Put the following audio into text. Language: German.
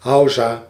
Hauza.